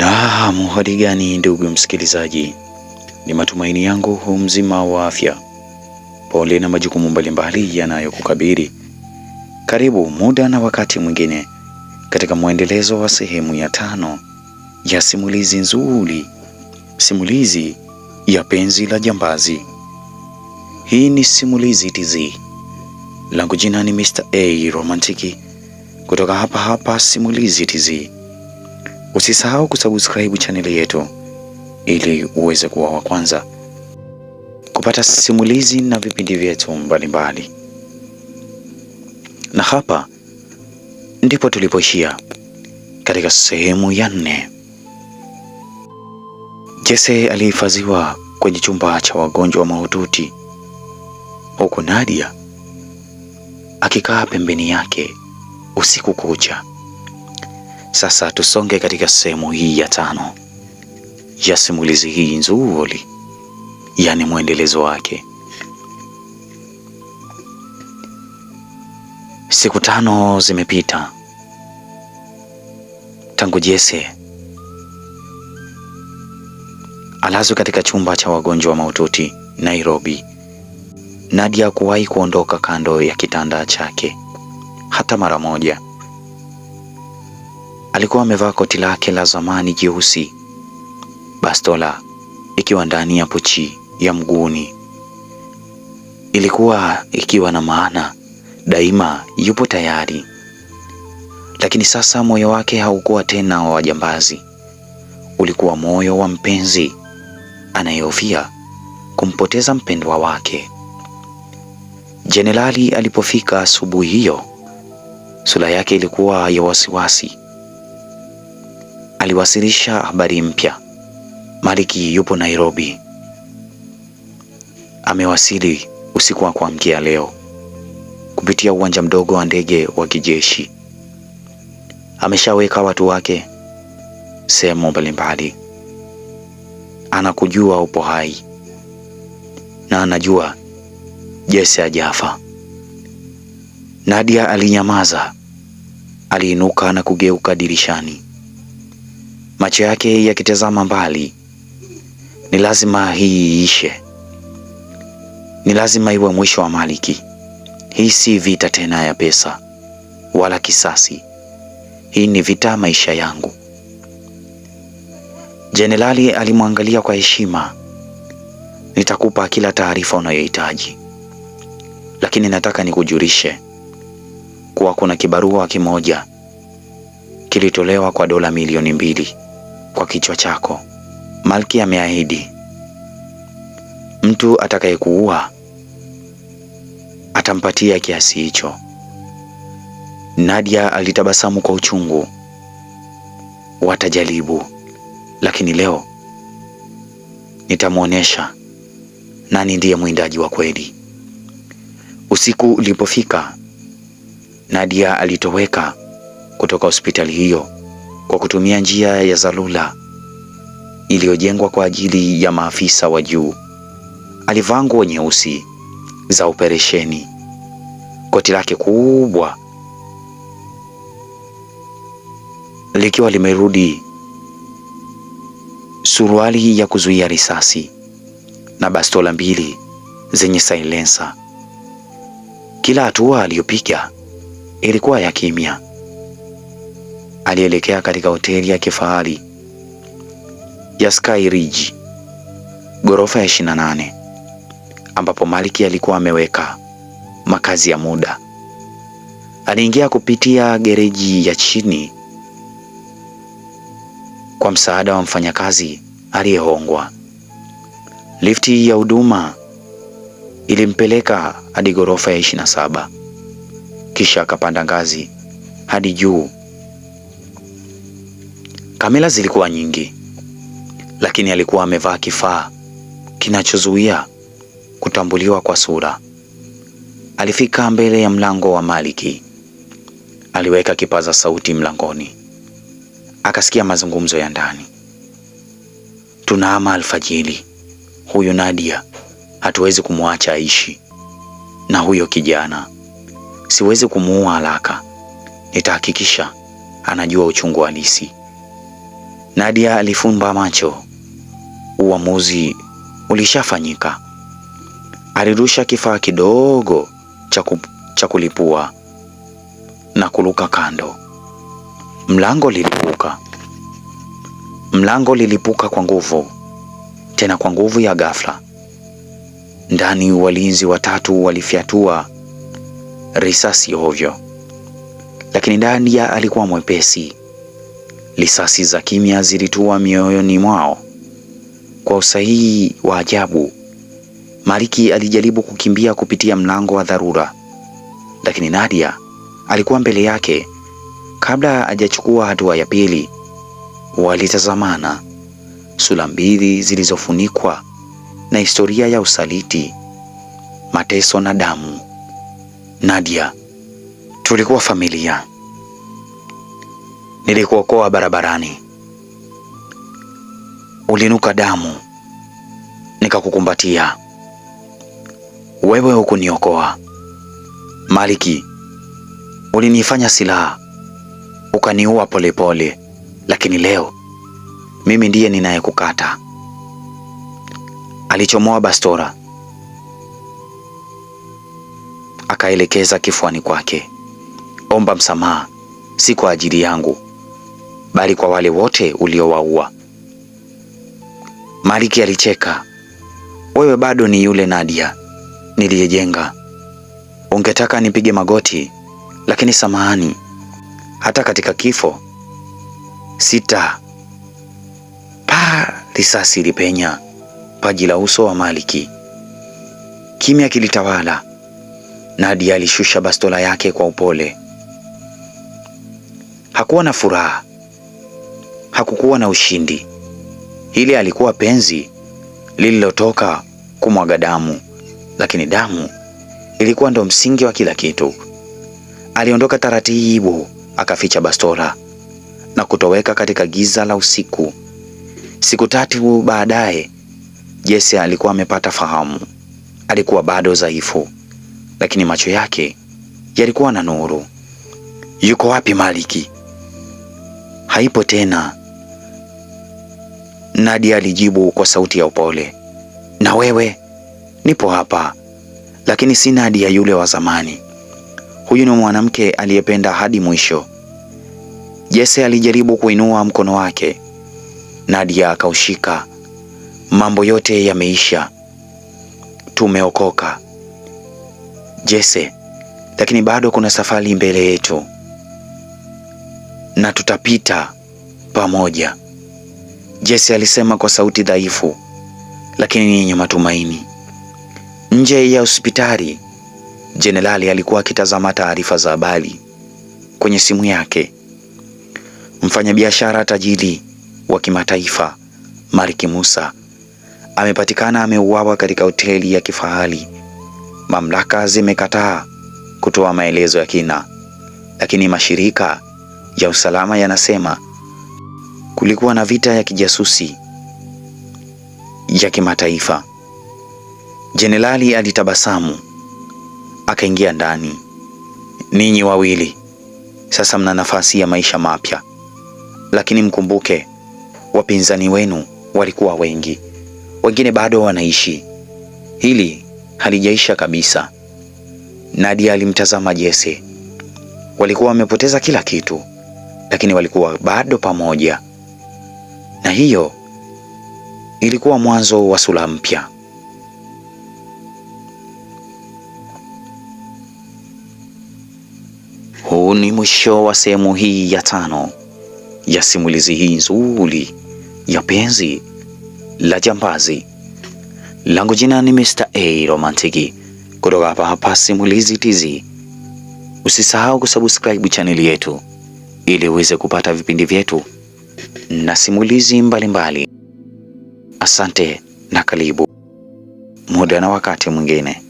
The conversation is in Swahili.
Naam, hali gani ndugu msikilizaji? Ni matumaini yangu hu mzima wa afya. Pole na majukumu mbalimbali yanayokukabili. Karibu muda na wakati mwingine katika mwendelezo wa sehemu ya tano ya simulizi nzuri, simulizi ya penzi la jambazi. Hii ni Simulizi Tz. Langu jina ni Mr. A Romantiki kutoka hapa hapa Simulizi Tz. Usisahau kusubscribe chaneli yetu ili uweze kuwa wa kwanza kupata simulizi na vipindi vyetu mbalimbali. Na hapa ndipo tulipoishia katika sehemu ya nne. Jesse alihifadhiwa kwenye chumba cha wagonjwa mahututi huku Nadia akikaa pembeni yake usiku kucha. Sasa tusonge katika sehemu hii ya tano ya simulizi hii nzuri, yaani mwendelezo wake. Siku tano zimepita tangu Jesse alazwe katika chumba cha wagonjwa mahututi Nairobi. Nadia hakuwahi kuondoka kando ya kitanda chake hata mara moja. Alikuwa amevaa koti lake la zamani jeusi, bastola ikiwa ndani ya pochi ya mguuni, ilikuwa ikiwa na maana daima yupo tayari. Lakini sasa moyo wake haukuwa tena wa wajambazi, ulikuwa moyo wa mpenzi anayehofia kumpoteza mpendwa wake. Jenerali alipofika asubuhi hiyo, sura yake ilikuwa ya wasiwasi, aliwasilisha habari mpya. Maliki yupo Nairobi, amewasili usiku wa kuamkia leo kupitia uwanja mdogo wa ndege wa kijeshi. Ameshaweka watu wake sehemu mbalimbali. Anakujua upo hai na anajua Jesse hajafa. Nadia alinyamaza, aliinuka na kugeuka dirishani macho yake yakitazama mbali. Ni lazima hii iishe, ni lazima iwe mwisho wa Maliki. Hii si vita tena ya pesa wala kisasi, hii ni vita maisha yangu. Jenerali alimwangalia kwa heshima. Nitakupa kila taarifa unayohitaji, lakini nataka nikujulishe kuwa kuna kibarua kimoja kilitolewa kwa dola milioni mbili kwa kichwa chako. malki ameahidi, mtu atakayekuua atampatia kiasi hicho. Nadia alitabasamu kwa uchungu. Watajaribu, lakini leo nitamwonyesha nani ndiye mwindaji wa kweli. Usiku ulipofika, Nadia alitoweka kutoka hospitali hiyo kwa kutumia njia ya Zalula iliyojengwa kwa ajili ya maafisa wa juu. Alivaa nguo nyeusi za operesheni, koti lake kubwa likiwa limerudi, suruali ya kuzuia risasi na bastola mbili zenye silencer. Kila hatua aliyopiga ilikuwa ya kimya, alielekea katika hoteli ya kifahari ya Sky Ridge ghorofa ya 28 ambapo Maliki alikuwa ameweka makazi ya muda. Aliingia kupitia gereji ya chini kwa msaada wa mfanyakazi aliyehongwa. Lifti ya huduma ilimpeleka hadi ghorofa ya 27 kisha akapanda ngazi hadi juu Kamera zilikuwa nyingi, lakini alikuwa amevaa kifaa kinachozuia kutambuliwa kwa sura. Alifika mbele ya mlango wa Maliki, aliweka kipaza sauti mlangoni, akasikia mazungumzo ya ndani. Tunaama alfajiri, huyu Nadia hatuwezi kumwacha aishi, na huyo kijana siwezi kumuua haraka, nitahakikisha anajua uchungu halisi. Nadia alifumba macho. Uamuzi ulishafanyika. Alirusha kifaa kidogo cha kulipua na kuruka kando. Mlango lilipuka. Mlango lilipuka kwa nguvu, tena kwa nguvu ya ghafla. Ndani walinzi watatu walifyatua risasi ovyo, lakini Nadia alikuwa mwepesi. Risasi za kimya zilitua mioyoni mwao kwa usahihi wa ajabu. Maliki alijaribu kukimbia kupitia mlango wa dharura, lakini Nadia alikuwa mbele yake. Kabla hajachukua hatua ya pili, walitazamana, sura mbili zilizofunikwa na historia ya usaliti, mateso na damu. Nadia, tulikuwa familia nilikuokoa barabarani, ulinuka damu nikakukumbatia, wewe hukuniokoa. Maliki, ulinifanya silaha ukaniua polepole, lakini leo mimi ndiye ninayekukata. Alichomoa bastora akaelekeza kifuani kwake. Omba msamaha, si kwa ajili yangu bali kwa wale wote uliowaua. Maliki alicheka. Wewe bado ni yule Nadia niliyejenga. Ungetaka nipige magoti, lakini samahani, hata katika kifo sita. Pa! Risasi ilipenya paji la uso wa Maliki. Kimya kilitawala. Nadia alishusha bastola yake kwa upole. Hakuwa na furaha, hakukuwa na ushindi. Hili alikuwa penzi lililotoka kumwaga damu, lakini damu ilikuwa ndo msingi wa kila kitu. Aliondoka taratibu, akaficha bastola na kutoweka katika giza la usiku. Siku tatu baadaye, Jesse alikuwa amepata fahamu. Alikuwa bado dhaifu, lakini macho yake yalikuwa na nuru. Yuko wapi Maliki? Haipo tena. Nadia alijibu kwa sauti ya upole, na wewe? Nipo hapa, lakini si Nadia yule wa zamani. Huyu ni mwanamke aliyependa hadi mwisho. Jesse alijaribu kuinua mkono wake, Nadia akaushika. Mambo yote yameisha, tumeokoka Jesse, lakini bado kuna safari mbele yetu na tutapita pamoja. Jesse alisema kwa sauti dhaifu lakini yenye matumaini. Nje ya hospitali, jenerali alikuwa akitazama taarifa za habari kwenye simu yake. Mfanyabiashara tajiri wa kimataifa mariki Musa amepatikana ameuawa katika hoteli ya kifahari. Mamlaka zimekataa kutoa maelezo ya kina, lakini mashirika ya usalama yanasema kulikuwa na vita ya kijasusi ya kimataifa. Jenerali alitabasamu akaingia ndani. Ninyi wawili sasa mna nafasi ya maisha mapya, lakini mkumbuke wapinzani wenu walikuwa wengi, wengine bado wanaishi. Hili halijaisha kabisa. Nadia alimtazama Jesse. Walikuwa wamepoteza kila kitu, lakini walikuwa bado pamoja na hiyo ilikuwa mwanzo wa sura mpya. Huu ni mwisho wa sehemu hii ya tano ya simulizi hii nzuri ya penzi la jambazi. Langu jina ni Mr. A Romantiki kutoka hapa hapa Simulizi Tz. Usisahau kusubscribe chaneli yetu ili uweze kupata vipindi vyetu na simulizi mbalimbali mbali. Asante na karibu muda na wakati mwingine.